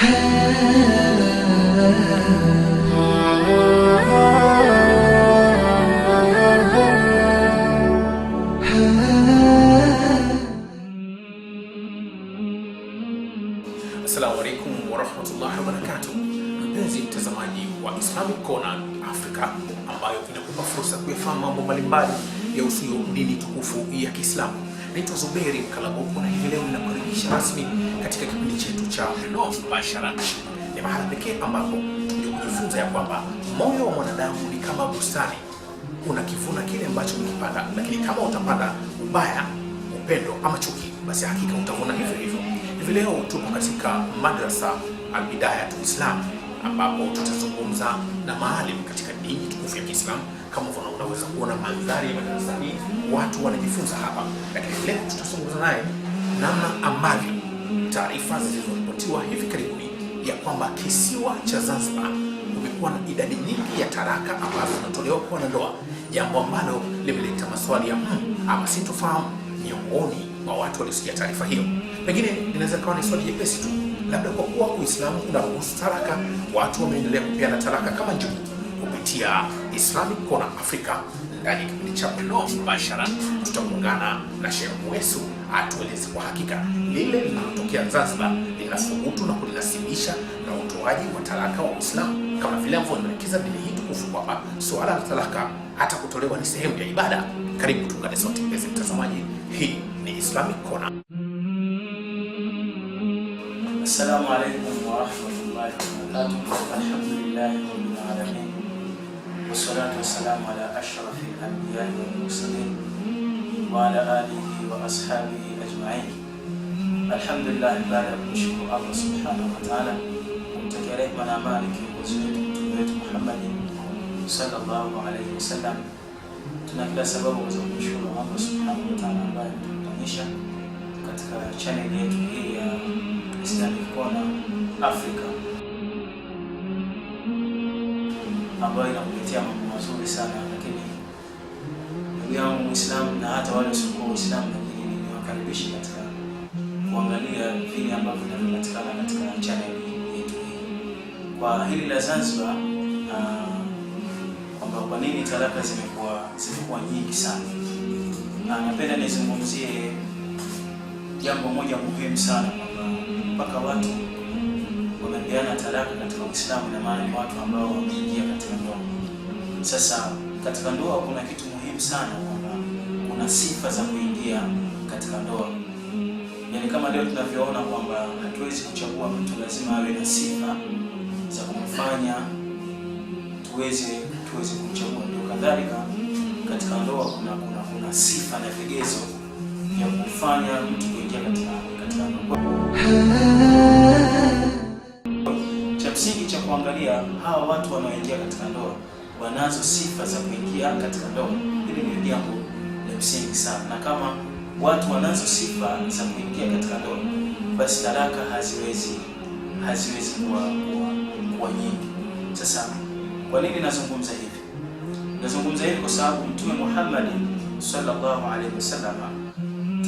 Assalamu alaikum warahmatullahi wabarakatuh, mpenzi mtazamaji wa Islamic Corner Africa ambayo inakupa fursa kuyafahamu mambo mbalimbali ya usio dini tukufu ya Kiislamu. Naitwa Zuberi Mkalabuku na hivi leo ninakukaribisha rasmi katika biashara no, mubashara ni mahala pekee ambapo ndio kujifunza ya kwamba moyo wa mwanadamu ni kama bustani, unakivuna kile ambacho umekipanda, lakini kama utapanda ubaya, upendo ama chuki, basi hakika utavuna hivyo hivyo. Hivi leo tuko katika madrasa Albidayatu Islam ambapo tutazungumza na maalim katika dini tukufu ya kiislam Kama unaweza kuona mandhari ya madarasani, watu wanajifunza hapa, lakini leo tutazungumza naye namna ambavyo taarifa zilizoripotiwa hivi karibuni ya kwamba kisiwa cha Zanzibar kumekuwa na idadi nyingi ya taraka ambazo zinatolewa kwa wanandoa, jambo ambalo limeleta maswali ya mm, ama sintofahamu miongoni mwa watu waliosikia taarifa hiyo. Pengine inaweza kawa ni swali jepesi tu, labda kwa kuwa Uislamu unaruhusu taraka, watu wameendelea kupeana taraka kama njugu kupitia Islamic Corner Africa ndani ya kipindi cha mlo mubashara tutaungana na Sheikh Mwesu atueleze kwa hakika lile linalotokea Zanzibar linathubutu na kulinasibisha na utoaji wa talaka wa Uislamu kama vile ambavyo anavyoelekeza dini hii tukufu kwamba suala la talaka hata kutolewa ni sehemu ya ibada. Karibu tuungane sote mpenzi mtazamaji, hii ni Islamic kona Assalamu alaikum wa rahmatullahi wa barakatuh. rabbil alamin wassalatu wassalamu ala ashrafi al-anbiyai wal mursalin wa ala alihi wa ashabihi ajma'in. Alhamdulillah, baada ya kumshukuru Allah subhanahu wa ta'ala, kumtakia rehema na amani kiongozi wetu mtume wetu Muhammad sallallahu tuna kila sababu za kumshukuru Allah subhanahu wa ta'ala ambaye ametukutanisha katika chaneli yetu hii ya Islamic Corner Africa. ambayo inakuletea mambo mazuri sana, lakini ndugu yangu Muislamu na hata wale wasiokuwa Waislamu, lakini niwakaribishe katika kuangalia vile ambavyo vinapatikana katika channel yetu hii. Kwa hili la Zanzibar, kwamba kwa nini talaka zimekuwa zimekuwa nyingi sana, na napenda nizungumzie jambo moja muhimu sana, kwamba mpaka watu wamepeana talaka katika Uislamu, na maana ni watu ambao wameingia sasa katika ndoa kuna kitu muhimu sana kwamba kuna sifa za kuingia katika ndoa, yaani kama leo tunavyoona kwamba hatuwezi kuchagua mtu, lazima awe na sifa za kumfanya tuweze tuweze kumchagua. Ndio kadhalika katika ndoa kuna kuna, kuna sifa na vigezo vya kumfanya mtu kuingia katika katika ndoa. Cha msingi cha kuangalia hawa watu wanaoingia katika ndoa wanazo sifa za kuingia katika ndoa. Hili ni jambo la msingi sana, na kama watu wanazo sifa za kuingia katika ndoa, basi talaka haziwezi haziwezi kuwa kuwa nyingi. Sasa kwa nini nazungumza hivi? Nazungumza hivi kwa sababu Mtume Muhammad sallallahu alaihi wasallam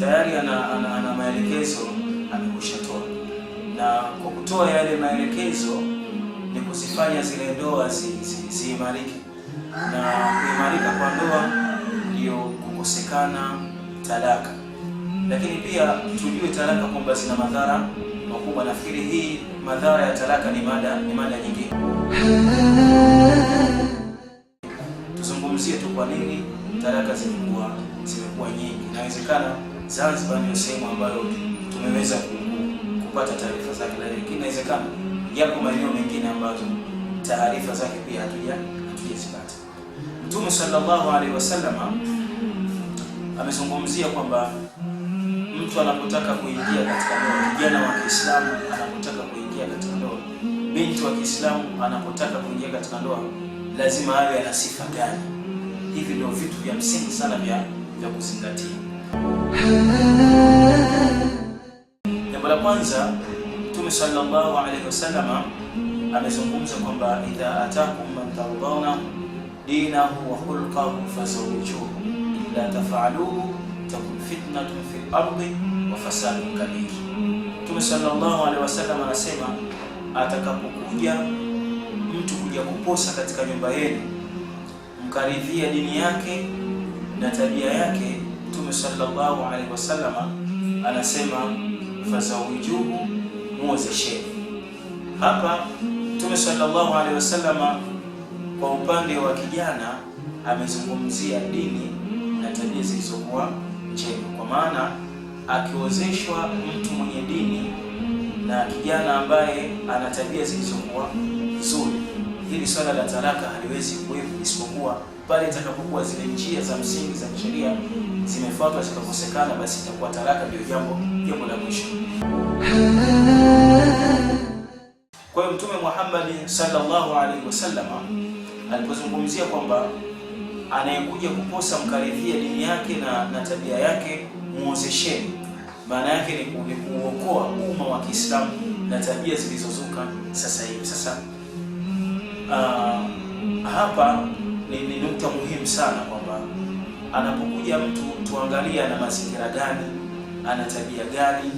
tayari ana, ana, ana maelekezo amekushatoa, na kwa kutoa yale maelekezo ni kuzifanya zile ndoa ziimarike zi, zi na kuimarika kwa ndoa ndiyo kukosekana talaka. Lakini pia tujue talaka kwamba zina madhara makubwa. Nafikiri hii madhara ya talaka ni mada ni mada nyingine, tuzungumzie tu kwa nini talaka zimekuwa zimekuwa nyingi. Inawezekana Zanzibar ndio sehemu ambayo tumeweza kupata taarifa zake, lakini inawezekana yapo maeneo mengine ambazo taarifa zake pia hatuja hatujazipata. Mtume sallallahu alaihi wasallam amezungumzia kwamba mtu anapotaka kuingia katika ndoa, kijana wa Kiislamu anapotaka kuingia katika ndoa, binti wa Kiislamu anapotaka kuingia katika ndoa, lazima awe ana sifa gani? Hivi ndio vitu vya msingi sana vya vya kuzingatia. Jambo la kwanza, Mtume sallallahu alaihi wasallam amezungumza kwamba idha atakum man tardawna dinahu wa khulqahu fazawwijuhu illa tafaaluhu takun fitnatun fil ardi wa fasadun kabir. Mtume sallallahu alaihi wasallam anasema atakapokuja mtu kuja kuposa katika nyumba yenu, mkaridhia dini yake na tabia yake. Mtume sallallahu alaihi wasallam anasema fazawijuhu, muozesheni. Hapa Mtume sallallahu alaihi wasallam kwa upande wa kijana amezungumzia dini na tabia zilizokuwa njema, kwa maana akiwezeshwa mtu mwenye dini na kijana ambaye ana tabia zilizokuwa nzuri, hili swala la talaka haliwezi kuwepo isipokuwa pale itakapokuwa zile njia za msingi za kisheria zimefuatwa, zikakosekana, basi itakuwa talaka ndio jambo jambo la mwisho. Kwa hiyo Mtume Muhammad sallallahu alaihi wasallam alipozungumzia kwamba anayekuja kuposa mkarithia dini yake na, na tabia yake muozesheni, maana yake ni kuokoa umma wa Kiislamu na tabia zilizozuka sasa hivi. Sasa uh, hapa ni, ni nukta muhimu sana kwamba anapokuja mtu tuangalie ana mazingira gani, ana tabia gani,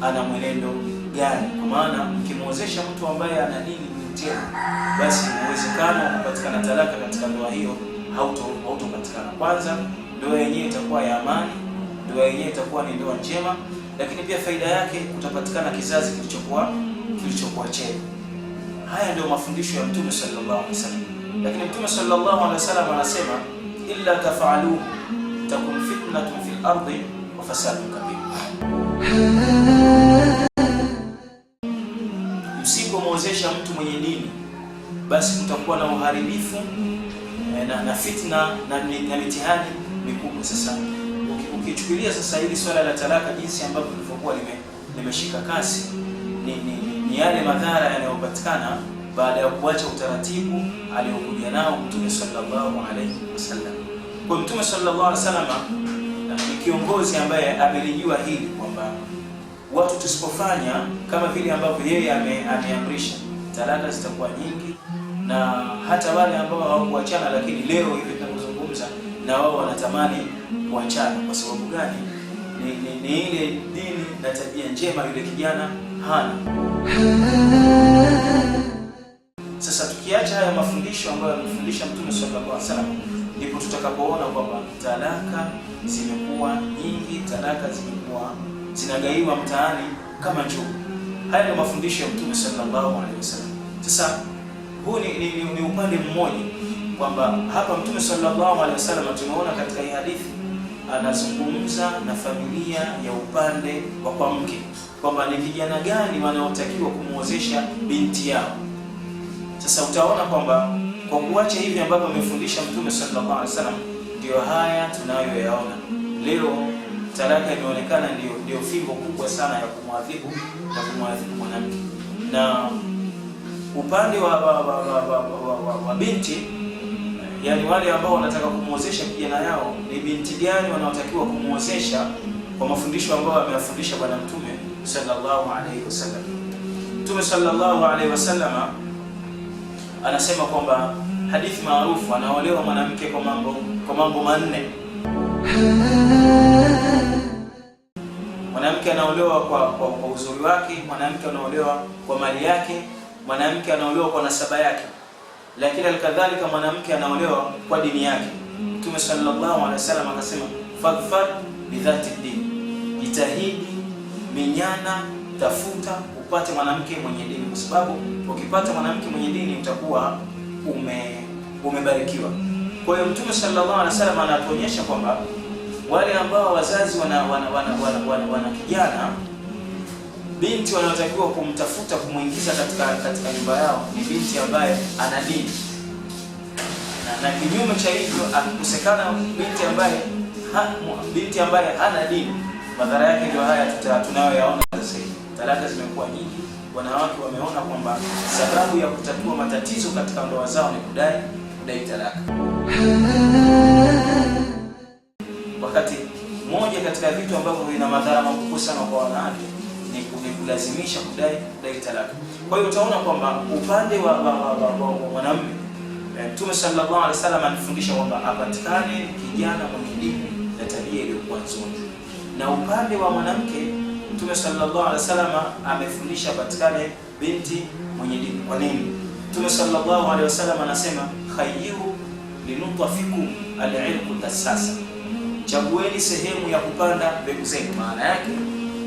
ana mwenendo gani, kwa maana mkimwozesha mtu ambaye ana dini kupitia, basi uwezekano wa kupatikana talaka katika ndoa hiyo hautopatikana. Kwanza, ndoa yenyewe itakuwa ya amani, ndoa yenyewe itakuwa ni ndoa njema, lakini pia faida yake kutapatikana kizazi kilichokuwa kilichokuwa chema. Haya ndio mafundisho ya Mtume sallallahu alaihi wasallam. Lakini Mtume sallallahu alaihi wasallam anasema illa tafaaluhu takun fitnatun fil ardi wa fasadun kabir mwenye dini, basi kutakuwa na uharibifu eh, na, na fitna na, na mitihani mikubwa. Sasa ukichukulia sasa hili swala la talaka jinsi ambavyo lilivyokuwa limeshika kasi, ni, ni, ni yale madhara yanayopatikana baada ya kuacha utaratibu aliyokuja nao Mtume sallallahu alayhi wasallam. Kwa Mtume sallallahu alayhi wasallam ni kiongozi ambaye amelijua hili kwamba watu tusipofanya kama vile ambavyo yeye ameamrisha ame talaka zitakuwa nyingi, na hata wale ambao hawakuachana lakini leo hivi tunazungumza na wao wanatamani kuachana. Kwa sababu gani? Ni, ni, ni ile dini na tabia njema yule kijana hana. Sasa tukiacha haya mafundisho ambayo amefundisha Mtume sallallahu alaihi wasallam, ndipo tutakapoona kwamba talaka zimekuwa nyingi, talaka zimekuwa zinagaiwa mtaani kama njugu. Haya ndio mafundisho ya Mtume sallallahu alaihi wasallam. Sasa huu ni, ni, ni upande mmoja kwamba hapa Mtume sallallahu alaihi wasallam tumeona katika hii hadithi anazungumza na familia ya upande wa kwa mke kwamba ni vijana gani wanaotakiwa kumwozesha binti yao. Sasa utaona kwamba kwa kuacha hivi ambavyo amefundisha Mtume sallallahu alaihi wasallam, ndio haya tunayoyaona leo talaka imeonekana ndio ndio fimbo kubwa sana ya kumwadhibu na kumwadhibu mwanamke, na upande wa, wa, wa, wa, wa, wa, wa binti, yani wale ambao wanataka kumwozesha kijana yao, ni binti gani wanaotakiwa kumwozesha kwa mafundisho ambayo ameyafundisha Bwana Mtume sallallahu alaihi wasallam. Mtume sallallahu alaihi wasallam anasema kwamba hadithi maarufu, anaolewa mwanamke kwa mambo kwa mambo manne Mwanamke anaolewa kwa, kwa, kwa uzuri wake, mwanamke anaolewa kwa mali yake, mwanamke anaolewa kwa nasaba yake, lakini alikadhalika mwanamke anaolewa kwa dini yake. Mtume sallallahu alaihi wasallam akasema fadhfar bidhati din, jitahidi minyana, tafuta upate mwanamke mwenye dini, kwa sababu ukipata mwanamke mwenye dini utakuwa ume umebarikiwa. Kwa hiyo Mtume sallallahu alaihi wasallam anatuonyesha kwamba wale ambao wazazi wana wana wana wana, wana, wana kijana binti wanaotakiwa kumtafuta kumwingiza katika katika nyumba yao ni binti ambaye ana dini na, na kinyume cha hivyo akikosekana binti ambaye ha, binti ambaye hana dini, madhara yake ndio haya tunayoyaona sasa hivi. Talaka zimekuwa nyingi, wanawake wameona kwamba sababu ya kutatua matatizo katika ndoa zao ni kudai kudai talaka wakati moja katika vitu ambavyo vina madhara makubwa sana kwa wanawake ni kulazimisha kudai dai talaka. Kwa hiyo utaona kwamba upande wa mwanamume eh, Mtume sallallahu alaihi wasallam anafundisha kwamba apatikane kijana mwenye dini na tabia iliyokuwa nzuri, na upande wa mwanamke Mtume sallallahu alaihi wasallam amefundisha apatikane binti mwenye dini. Kwa nini? Mtume sallallahu alaihi wasallam anasema khayru linutwafikum alilmu tasasa chagueni sehemu ya kupanda mbegu zenu. Maana yake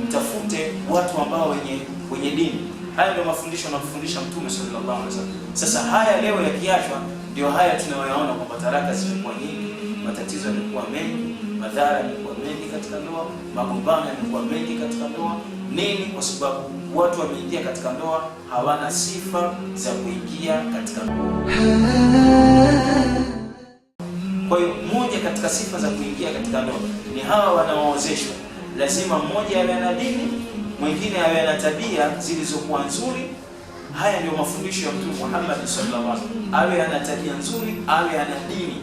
mtafute watu ambao wenye wenye dini. Haya ndio mafundisho anamfundisha Mtume sallallahu alaihi wasallam. Sasa haya leo yakiachwa, ndio haya tunayoyaona kwamba taraka zimekuwa nyingi, matatizo yamekuwa mengi, madhara yamekuwa mengi katika ndoa, magombano yamekuwa mengi katika ndoa. Nini? Kwa sababu watu wameingia katika ndoa hawana sifa za kuingia katika ndoa. Kwa hiyo moja katika sifa za kuingia katika ndoa ni hawa wanaoozeshwa, lazima mmoja awe na dini, mwingine awe na tabia zilizokuwa nzuri. Haya ndio mafundisho ya Mtume Muhammad sallallahu alaihi wasallam, awe ana tabia nzuri, awe ana dini,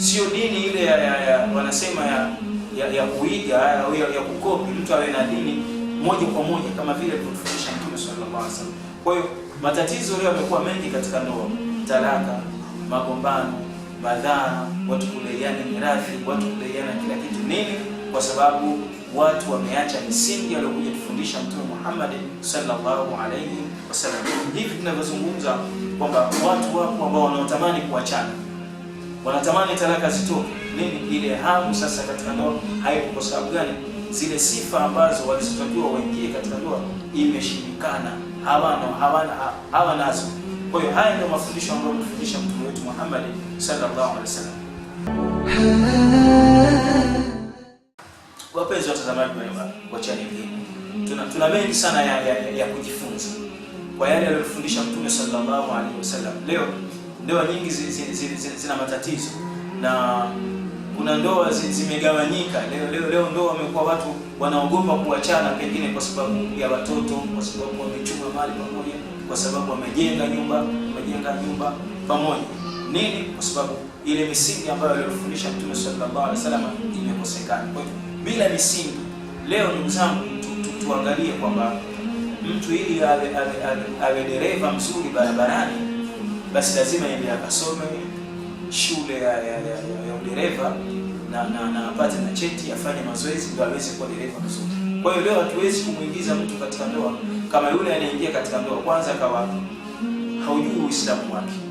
sio dini ile ya, ya, ya wanasema ya ya, ya kuiga au ya, ya kukopi. Mtu awe na dini moja kwa moja kama vile alivyofundisha Mtume sallallahu alaihi wasallam. Kwa hiyo matatizo leo yamekuwa mengi katika ndoa, talaka, magombano madhara, watu kudaiana mirathi, watu kudaiana kila kitu. Nini? Kwa sababu watu wameacha misingi aliyokuja kufundisha Mtume Muhammad sallallahu alayhi wasallam. Hivi tunavyozungumza kwamba watu wapo ambao wanaotamani kuachana, wanatamani talaka zitoke. Nini? Ile hamu sasa katika ndoa haipo. Kwa sababu gani? Zile sifa ambazo walizotakiwa waingie katika ndoa imeshindikana, hawana hawana hawa nazo. Kwa hiyo haya ndio mafundisho ambayo mafundisha Mtume Muhammad sallallahu alaihi wasallam. Wapenzi watazamaji wa chaneli hii, tuna tuna mengi sana ya, ya, ya kujifunza kwa yale aliyofundisha Mtume sallallahu alaihi wasallam. Leo ndoa nyingi zina zi, zi, zi, zi, matatizo na kuna ndoa zimegawanyika leo leo leo, ndoa wamekuwa watu wanaogopa kuachana, pengine kwa sababu ya watoto, kwa sababu wamechuma mali pamoja, kwa sababu wamejenga nyumba wamejenga nyumba pamoja. Nini? Kwa sababu ile misingi ambayo aliyofundisha Mtume sallallahu alaihi wasallam imekosekana. Kwa hiyo bila misingi, leo ndugu zangu, tuangalie kwamba mtu ili awe, awe, awe, awe dereva mzuri barabarani, basi lazima yeye akasome shule ya, ya, ya, ya udereva na na na apate na cheti afanye mazoezi ndio aweze kuwa dereva mzuri. Kwa hiyo leo hatuwezi kumuingiza mtu katika ndoa kama yule anayeingia katika ndoa kwanza kawa haujui Uislamu wake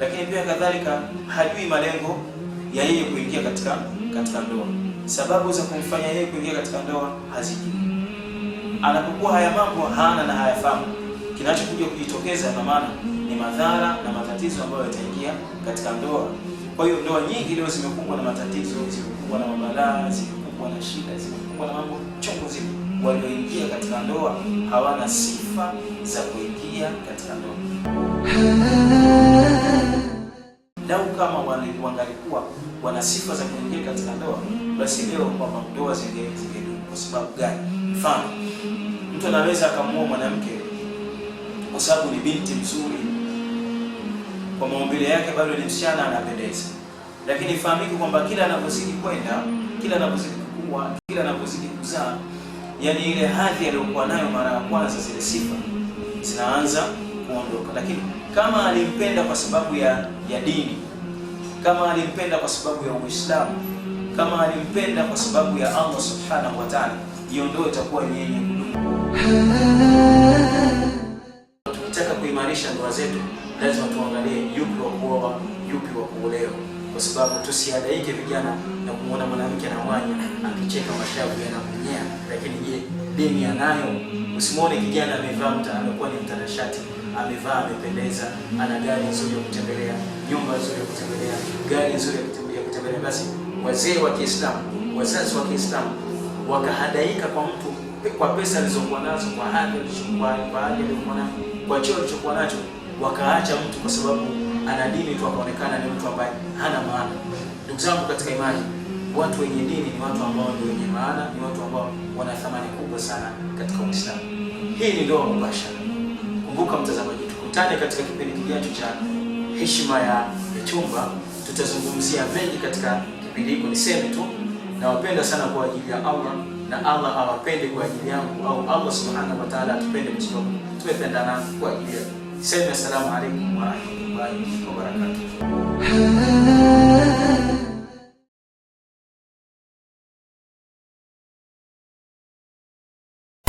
lakini pia kadhalika hajui malengo ya yeye kuingia katika katika ndoa. Sababu za kumfanya yeye kuingia katika ndoa hazijui, anapokuwa haya mambo hana na hayafahamu, kinachokuja kujitokeza na maana ni madhara na matatizo ambayo yataingia katika ndoa. Kwa hiyo ndoa nyingi leo zimekumbwa na matatizo, zimekumbwa na mabalaa, zimekumbwa na shida, zimekumbwa na mambo chungu zima. Walioingia katika ndoa hawana sifa za kuingia katika ndoa lau kama wangalikuwa wana sifa za kuingia katika ndoa, basi leo kwamba ndoa zingedumu. Kwa sababu gani? Mfano, mtu anaweza akamuoa mwanamke kwa sababu ni binti mzuri, kwa maumbile yake bado ni msichana, anapendeza, lakini fahamiki kwamba kila anapozidi kwenda, kila anapozidi kukua, kila anapozidi kuzaa, yani ile hadhi aliyokuwa nayo mara ya kwanza, zile sifa zinaanza kuondoka, lakini kama alimpenda kwa sababu ya, ya dini, kama alimpenda kwa sababu ya Uislamu, kama alimpenda kwa sababu ya Allah subhanahu wa ta'ala, hiyo ndio itakuwa ni yenye kudumu. Tukitaka kuimarisha ndoa zetu, lazima tuangalie yupi wa kuoa, yupi wa kuolewa, kwa sababu tusiadaike vijana na kumwona mwanamke anamwanya akicheka mashavu yanamnyea, lakini je, dini anayo? Usimwone kijana amevaa mta amekuwa ni mtanashati amevaa amependeza, ana gari nzuri ya kutembelea, nyumba nzuri ya kutembelea, gari nzuri ya kutembelea, basi wazee wa Kiislamu, wazazi wa Kiislamu wakahadaika kwa mtu kwa pesa alizokuwa nazo, kwa hali alizokuwa nayo, kwa cheo alichokuwa nacho, wakaacha mtu kwa sababu ana dini tu, akaonekana ni mtu ambaye hana maana. Ndugu zangu katika imani, watu wenye dini ni watu ambao ni wenye maana, ni watu ambao wana thamani kubwa sana katika Uislamu. Hii ni ndoa mubashara. Kumbuka mtazamaji, tukutane katika kipindi kijacho cha heshima ya chumba, tutazungumzia mengi katika kipindi hiko. Niseme tu nawapenda sana kwa ajili ya Allah na Allah awapende kwa ajili yangu, au Allah subhanahu wa ta'ala atupende kwa sababu tumependana kwa ajili yake. Sema assalamu alaykum wa rahmatullahi wa barakatuh.